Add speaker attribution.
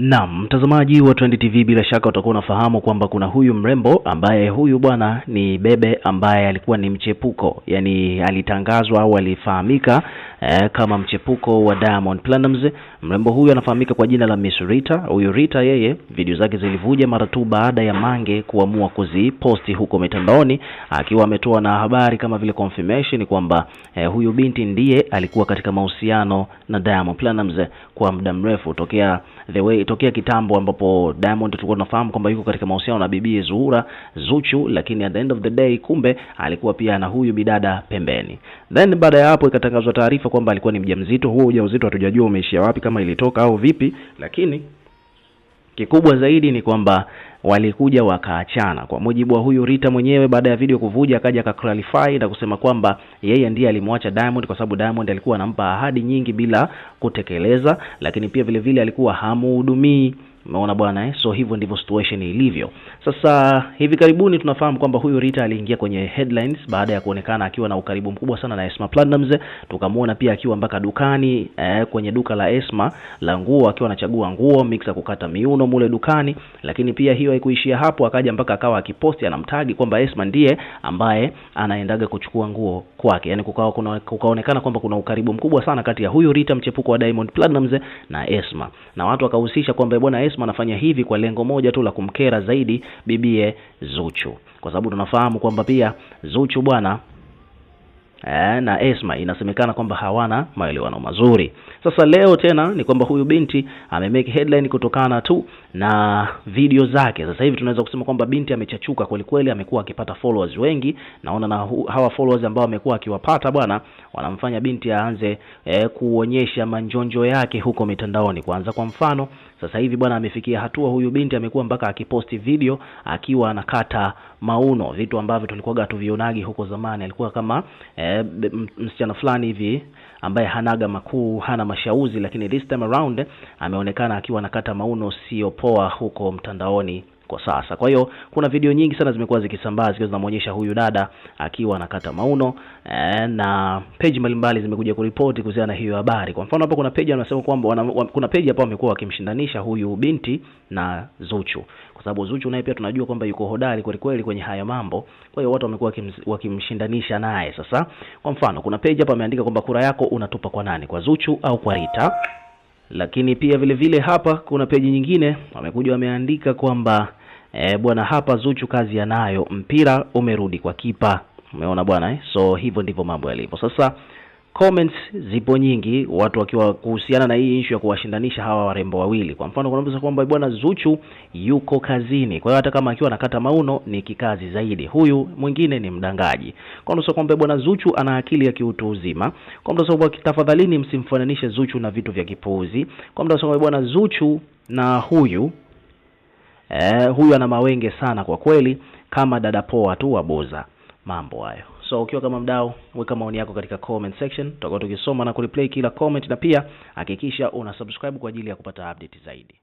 Speaker 1: Naam, mtazamaji wa Trend TV, bila shaka utakuwa unafahamu kwamba kuna huyu mrembo ambaye huyu bwana ni Bebe ambaye alikuwa ni mchepuko, yaani alitangazwa au alifahamika eh, kama mchepuko wa Diamond Platinumz. Mrembo huyu anafahamika kwa jina la Miss Rita. Huyu Rita yeye video zake zilivuja mara tu baada ya Mange kuamua kuziposti huko mitandaoni akiwa ametoa na habari kama vile confirmation kwamba eh, huyu binti ndiye alikuwa katika mahusiano na Diamond Platinumz kwa muda mrefu tokea the way tokea kitambo, ambapo Diamond tulikuwa tunafahamu kwamba yuko katika mahusiano na bibi Zuhura Zuchu, lakini at the end of the day kumbe alikuwa pia na huyu bidada pembeni. Then baada ya hapo ikatangazwa taarifa taarifa kwamba alikuwa ni mjamzito. Huo ujauzito hatujajua umeishia wapi, kama ilitoka au vipi, lakini kikubwa zaidi ni kwamba walikuja wakaachana. Kwa mujibu wa huyu Rita mwenyewe, baada ya video kuvuja, akaja akaclarify na kusema kwamba yeye ndiye alimwacha Diamond kwa sababu Diamond alikuwa anampa ahadi nyingi bila kutekeleza, lakini pia vilevile vile alikuwa hamuhudumii. Umeona bwana eh? So hivyo ndivyo situation ilivyo. Sasa hivi karibuni tunafahamu kwamba huyu Rita aliingia kwenye headlines baada ya kuonekana akiwa na ukaribu mkubwa sana na Esma Platnumz, tukamwona pia akiwa mpaka dukani eh, kwenye duka la Esma la nguo akiwa anachagua nguo mixa kukata miuno mule dukani, lakini pia hiyo haikuishia hapo, akaja mpaka akawa akiposti anamtagi kwamba Esma ndiye ambaye anaendaga kuchukua nguo kwake, yani kukawa kuna kukaonekana kwamba kuna ukaribu mkubwa sana kati ya huyu Rita mchepuko wa Diamond Platinumz na Esma, na watu wakahusisha kwamba eh, bwana Esma anafanya hivi kwa lengo moja tu la kumkera zaidi bibie Zuchu, kwa sababu tunafahamu kwamba pia Zuchu bwana eh, na Esma inasemekana kwamba hawana maelewano mazuri. Sasa leo tena ni kwamba huyu binti amemake headline kutokana tu na video zake. Sasa hivi tunaweza kusema kwamba binti amechachuka kweli kweli, amekuwa akipata followers wengi. Naona na hawa followers ambao amekuwa akiwapata bwana, wanamfanya binti aanze eh, kuonyesha manjonjo yake huko mitandaoni. Kwanza kwa mfano, sasa hivi bwana, amefikia hatua huyu binti amekuwa mpaka akiposti video akiwa anakata mauno, vitu ambavyo tulikuwa hatuvionagi huko zamani. Alikuwa kama eh, eh, msichana fulani hivi ambaye hanaga makuu hana mashauzi, lakini this time around ameonekana akiwa anakata mauno sio poa huko mtandaoni kwa sasa. Kwa hiyo kuna video nyingi sana zimekuwa zikisambaa zikiwa zinamuonyesha huyu dada akiwa anakata mauno e, na peji mbalimbali zimekuja kuripoti kuhusiana na hiyo habari. Kwa mfano hapa kuna page anasema kwamba kuna page hapa wamekuwa wakimshindanisha huyu binti na Zuchu, kwa sababu Zuchu naye pia tunajua kwamba yuko hodari kweli kweli kwenye haya mambo. Kwa hiyo watu wamekuwa wakimshindanisha naye. Sasa kwa mfano kuna page hapa ameandika kwamba kura yako unatupa kwa nani, kwa Zuchu au kwa Rita? Lakini pia vile vile hapa kuna peji nyingine wamekuja wameandika kwamba e, bwana hapa Zuchu kazi anayo, mpira umerudi kwa kipa. Umeona bwana eh? So hivyo ndivyo mambo yalivyo sasa comments zipo nyingi, watu wakiwa kuhusiana na hii issue ya kuwashindanisha hawa warembo wawili. Kwa mfano, kuna kwamba bwana Zuchu yuko kazini, kwa hiyo hata kama akiwa anakata mauno ni kikazi zaidi, huyu mwingine ni mdangaji. Kwa kwamba bwana Zuchu ana akili ya kiutu uzima. Kwa mtu tafadhalini, msimfananishe Zuchu na vitu vya kipuuzi. Kwa mtu bwana Zuchu na huyu eh, huyu ana mawenge sana kwa kweli, kama dada poa tu waboza mambo hayo so ukiwa kama mdau weka maoni yako katika comment section tutakuwa tukisoma na kureplay kila comment na pia hakikisha una subscribe kwa ajili ya kupata update zaidi